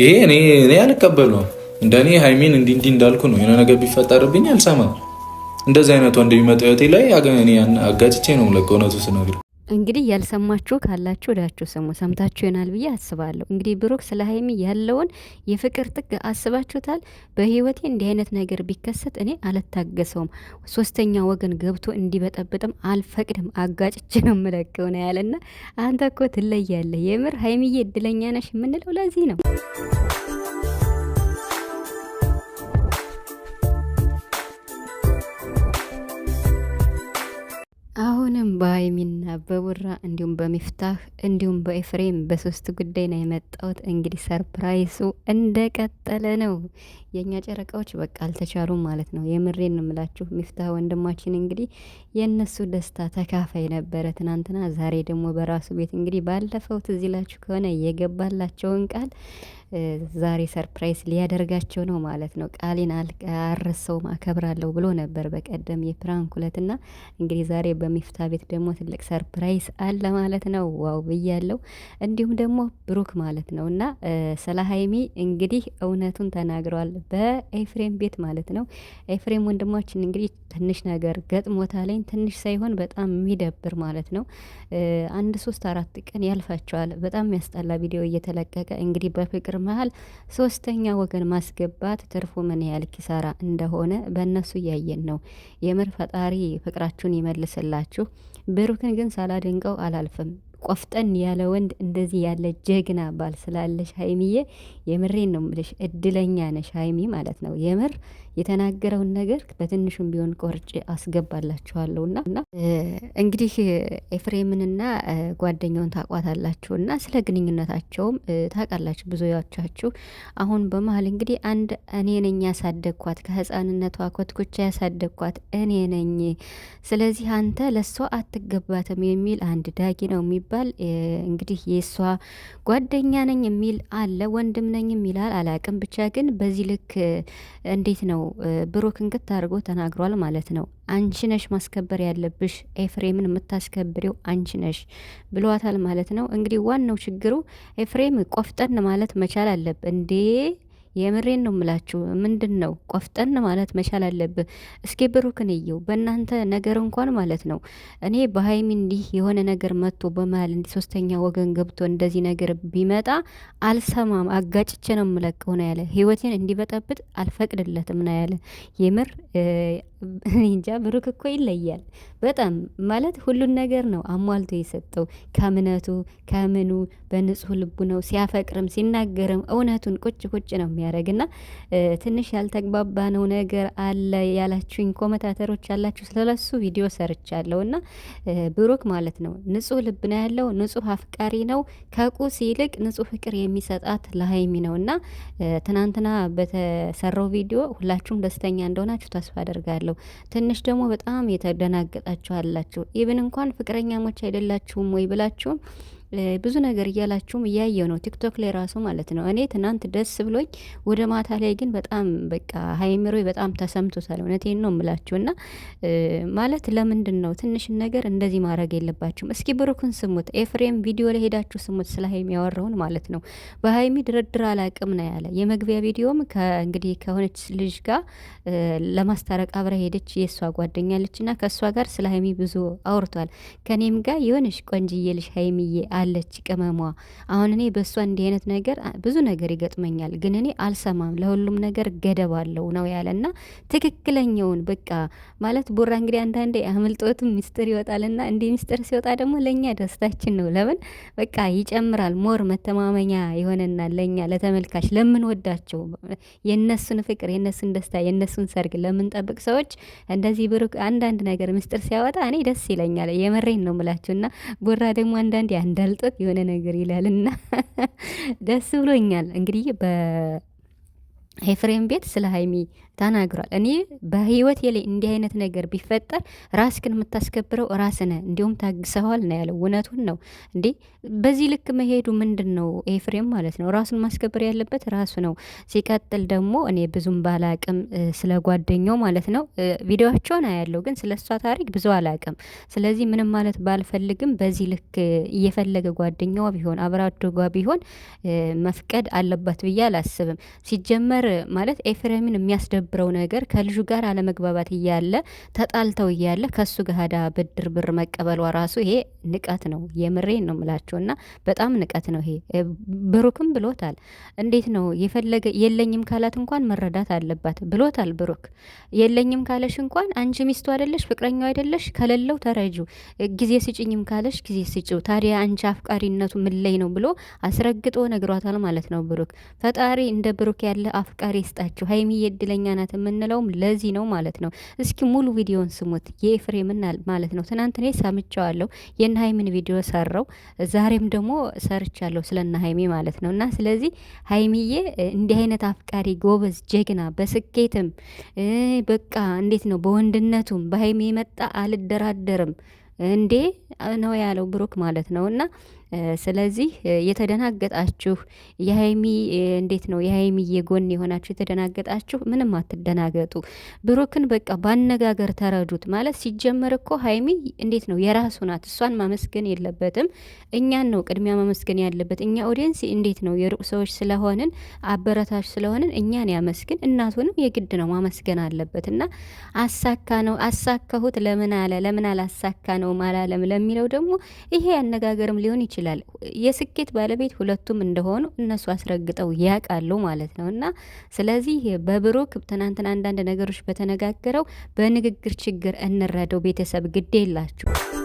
ይሄ እኔ እኔ አልቀበል ነው። እንደኔ ሃይሚን እንዲህ እንዲህ እንዳልኩ ነው የሆነ ነገር ቢፈጠርብኝ አልሰማም። እንደዚህ አይነት ወንድ የሚመጣው ህይወቴ ላይ እኔ አጋጭቼ ነው ለቀውነቱ ስነግር እንግዲህ ያልሰማችሁ ካላችሁ ወዳችሁ ስሙ፣ ሰምታችሁ ይሆናል ብዬ አስባለሁ። እንግዲህ ብሩክ ስለ ሀይሚ ያለውን የፍቅር ጥግ አስባችሁታል። በህይወቴ እንዲህ አይነት ነገር ቢከሰት እኔ አልታገሰውም፣ ሶስተኛ ወገን ገብቶ እንዲበጠብጥም አልፈቅድም፣ አጋጭች ነው የምለቀው ነው ያለና፣ አንተ እኮ ትለያለህ። የምር ሀይሚዬ እድለኛ ነሽ የምንለው ለዚህ ነው። አሁንም በሀይሚና በቡራ እንዲሁም በሚፍታህ እንዲሁም በኤፍሬም በሶስት ጉዳይ ነው የመጣሁት። እንግዲህ ሰርፕራይሱ እንደቀጠለ ነው። የእኛ ጨረቃዎች በቃ አልተቻሉም ማለት ነው። የምሬ እንምላችሁ ሚፍታህ ወንድማችን እንግዲህ የእነሱ ደስታ ተካፋይ ነበረ ትናንትና። ዛሬ ደግሞ በራሱ ቤት እንግዲህ ባለፈው ትዝ ይላችሁ ከሆነ የገባላቸውን ቃል ዛሬ ሰርፕራይዝ ሊያደርጋቸው ነው ማለት ነው። ቃሌን አልረሳውም አከብራለሁ ብሎ ነበር በቀደም የፕራንክ ሁለት ና እንግዲህ ዛሬ በሚፍታ ቤት ደግሞ ትልቅ ሰርፕራይዝ አለ ማለት ነው። ዋው ብያለው። እንዲሁም ደግሞ ብሩክ ማለት ነው እና ስለ ሀይሚ እንግዲህ እውነቱን ተናግረዋል በኤፍሬም ቤት ማለት ነው። ኤፍሬም ወንድማችን እንግዲህ ትንሽ ነገር ገጥሞታ ላይ ትንሽ ሳይሆን በጣም የሚደብር ማለት ነው። አንድ ሶስት አራት ቀን ያልፋቸዋል። በጣም የሚያስጠላ ቪዲዮ እየተለቀቀ እንግዲህ በፍቅር ነገር መሀል ሶስተኛ ወገን ማስገባት ትርፉ ምን ያህል ኪሳራ እንደሆነ በእነሱ እያየን ነው። የምር ፈጣሪ ፍቅራችሁን ይመልስላችሁ። ብሩክን ግን ሳላደንቀው አላልፍም። ቆፍጠን ያለ ወንድ እንደዚህ ያለ ጀግና ባል ስላለሽ ሀይሚዬ የምሬን ነው ምልሽ፣ እድለኛ ነሽ ሀይሚ ማለት ነው። የምር የተናገረውን ነገር በትንሹም ቢሆን ቆርጬ አስገባላችኋለሁና እና እንግዲህ ኤፍሬምንና ጓደኛውን ታቋታላችሁና ስለ ግንኙነታቸውም ታውቃላችሁ ብዙዎቻችሁ። አሁን በመሀል እንግዲህ አንድ እኔ ነኝ ያሳደግኳት ከህፃንነቷ ኮትኩቻ ያሳደግኳት እኔ ነኝ፣ ስለዚህ አንተ ለሷ አትገባትም የሚል አንድ ዳጊ ነው የሚባል ሲባል እንግዲህ የእሷ ጓደኛ ነኝ የሚል አለ፣ ወንድም ነኝ የሚላል አላቅም። ብቻ ግን በዚህ ልክ እንዴት ነው ብሩክ እንክት አድርጎ ተናግሯል ማለት ነው። አንቺ ነሽ ማስከበር ያለብሽ ኤፍሬምን የምታስከብሬው አንቺ ነሽ ብሏታል ማለት ነው። እንግዲህ ዋናው ችግሩ ኤፍሬም ቆፍጠን ማለት መቻል አለብ እንዴ የምሬን ነው ምላችሁ። ምንድን ነው ቆፍጠን ማለት መቻል አለብህ። እስኪ ብሩክን እየው በእናንተ ነገር እንኳን ማለት ነው። እኔ በሀይሚ እንዲህ የሆነ ነገር መጥቶ በመሀል እንዲህ ሶስተኛ ወገን ገብቶ እንደዚህ ነገር ቢመጣ አልሰማም፣ አጋጭቼ ነው ምለቀው ነው ያለ። ህይወቴን እንዲበጠብጥ አልፈቅድለትም ነው ያለ የምር እንጃ ብሩክ እኮ ይለያል በጣም ማለት ሁሉን ነገር ነው አሟልቶ የሰጠው ከእምነቱ ከምኑ በንጹህ ልቡ ነው ሲያፈቅርም ሲናገርም እውነቱን ቁጭ ቁጭ ነው የሚያደርግና ትንሽ ያልተግባባ ነው ነገር አለ ያላችሁኝ ኮመታተሮች ያላችሁ ስለለሱ ቪዲዮ ሰርቻለሁ እና ብሩክ ማለት ነው ንጹህ ልብ ነው ያለው ንጹህ አፍቃሪ ነው ከቁስ ይልቅ ንጹህ ፍቅር የሚሰጣት ለሀይሚ ነው እና ትናንትና በተሰራው ቪዲዮ ሁላችሁም ደስተኛ እንደሆናችሁ ተስፋ አደርጋለሁ አለው። ትንሽ ደግሞ በጣም የተደናገጣችሁ አላችሁ። ኢብን እንኳን ፍቅረኛሞች አይደላችሁም ወይ ብላችሁም ብዙ ነገር እያላችሁም እያየው ነው ቲክቶክ ላይ ራሱ ማለት ነው። እኔ ትናንት ደስ ብሎኝ ወደ ማታ ላይ ግን በጣም በቃ ሀይምሮ በጣም ተሰምቶታል። እውነቴን ነው የምላችሁ እና ማለት ለምንድን ነው ትንሽን ነገር እንደዚህ ማድረግ የለባችሁም። እስኪ ብሩክን ስሙት፣ ኤፍሬም ቪዲዮ ላይ ሄዳችሁ ስሙት፣ ስለ ሀይሚ ያወራውን ማለት ነው። በሀይሚ ድርድር አላቅም ነው ያለ። የመግቢያ ቪዲዮም እንግዲህ ከሆነች ልጅ ጋር ለማስታረቅ አብረ ሄደች የእሷ ጓደኛለች እና ከእሷ ጋር ስለ ሀይሚ ብዙ አውርቷል። ከኔም ጋር የሆነች ቆንጅዬ ልጅ ሀይሚዬ አለች ቅመሟ። አሁን እኔ በእሷ እንዲህ አይነት ነገር ብዙ ነገር ይገጥመኛል፣ ግን እኔ አልሰማም። ለሁሉም ነገር ገደብ አለው ነው ያለና ትክክለኛውን በቃ ማለት ቦራ እንግዲህ አንዳንዴ አምልጦትም ሚስጥር ይወጣልና እንዲህ ሚስጥር ሲወጣ ደግሞ ለእኛ ደስታችን ነው። ለምን በቃ ይጨምራል፣ ሞር መተማመኛ የሆነና ለእኛ ለተመልካች ለምንወዳቸው የእነሱን ፍቅር የእነሱን ደስታ የእነሱን ሰርግ ለምንጠብቅ ሰዎች እንደዚህ ብሩክ አንዳንድ ነገር ሚስጥር ሲያወጣ እኔ ደስ ይለኛል። የመሬን ነው ምላችሁና ቦራ ደግሞ አንዳንዴ ሲበልጡት የሆነ ነገር ይላልና ደስ ብሎኛል። እንግዲህ በኤፍሬም ቤት ስለ ሀይሚ ተናግሯል። እኔ በህይወቴ ላይ እንዲህ አይነት ነገር ቢፈጠር ራስክን የምታስከብረው ራስ ነህ፣ እንዲሁም ታግሰዋል ነው ያለው። እውነቱን ነው እንዴ! በዚህ ልክ መሄዱ ምንድን ነው ኤፍሬም ማለት ነው። ራሱን ማስከበር ያለበት ራሱ ነው። ሲቀጥል ደግሞ እኔ ብዙም ባላቅም ስለ ጓደኛው ማለት ነው ቪዲዮቸውን አያለው፣ ግን ስለ እሷ ታሪክ ብዙ አላቅም። ስለዚህ ምንም ማለት ባልፈልግም በዚህ ልክ እየፈለገ ጓደኛዋ ቢሆን አብራዶጓ ቢሆን መፍቀድ አለባት ብዬ አላስብም። ሲጀመር ማለት ኤፍሬምን የሚያስደ የሚደብረው ነገር ከልጁ ጋር አለመግባባት እያለ ተጣልተው እያለ ከሱ ጋር ብድር ብር መቀበሏ ራሱ ይሄ ንቀት ነው። የምሬን ነው ምላቸው እና በጣም ንቀት ነው ይሄ። ብሩክም ብሎታል። እንዴት ነው የፈለገ የለኝም ካላት እንኳን መረዳት አለባት ብሎታል ብሩክ። የለኝም ካለሽ እንኳን አንቺ ሚስቱ አይደለሽ ፍቅረኛው አይደለሽ ከሌለው ተረጁ ጊዜ ስጭኝም ካለሽ ጊዜ ስጭው። ታዲያ አንቺ አፍቃሪነቱ ምለይ ነው ብሎ አስረግጦ ነግሯታል ማለት ነው ብሩክ። ፈጣሪ እንደ ብሩክ ያለ አፍቃሪ ይስጣችሁ። ሀይሚ የድለኛ ናት የምንለውም ለዚህ ነው ማለት ነው። እስኪ ሙሉ ቪዲዮን ስሙት የኤፍሬምን ማለት ነው። ትናንት እኔ ሰምቸዋለሁ የእነ ሀይሚን ቪዲዮ ሰራው፣ ዛሬም ደግሞ ሰርቻለሁ ስለ እነ ሀይሚ ማለት ነው። እና ስለዚህ ሀይሚዬ እንዲህ አይነት አፍቃሪ ጎበዝ፣ ጀግና በስኬትም በቃ እንዴት ነው በወንድነቱም በሀይሚ የመጣ አልደራደርም እንዴ ነው ያለው ብሩክ ማለት ነው። እና ስለዚህ የተደናገጣችሁ የሀይሚ እንዴት ነው የሀይሚ የጎን የሆናችሁ የተደናገጣችሁ፣ ምንም አትደናገጡ። ብሩክን በቃ ባነጋገር ተረዱት ማለት ሲጀመር እኮ ሀይሚ እንዴት ነው የራሱ ናት። እሷን ማመስገን የለበትም እኛን ነው ቅድሚያ ማመስገን ያለበት። እኛ ኦዲየንስ እንዴት ነው የሩቅ ሰዎች ስለሆንን አበረታች ስለሆንን እኛን ያመስግን። እናቱንም የግድ ነው ማመስገን አለበት እና አሳካ ነው አሳካሁት ለምን አለ ለምን አላሳካ ነው ማላለም የሚለው ደግሞ ይሄ አነጋገርም ሊሆን ይችላል። የስኬት ባለቤት ሁለቱም እንደሆኑ እነሱ አስረግጠው ያውቃሉ ማለት ነው። እና ስለዚህ በብሩክ ትናንትና አንዳንድ ነገሮች በተነጋገረው በንግግር ችግር እንረደው። ቤተሰብ ግዴ የላችሁ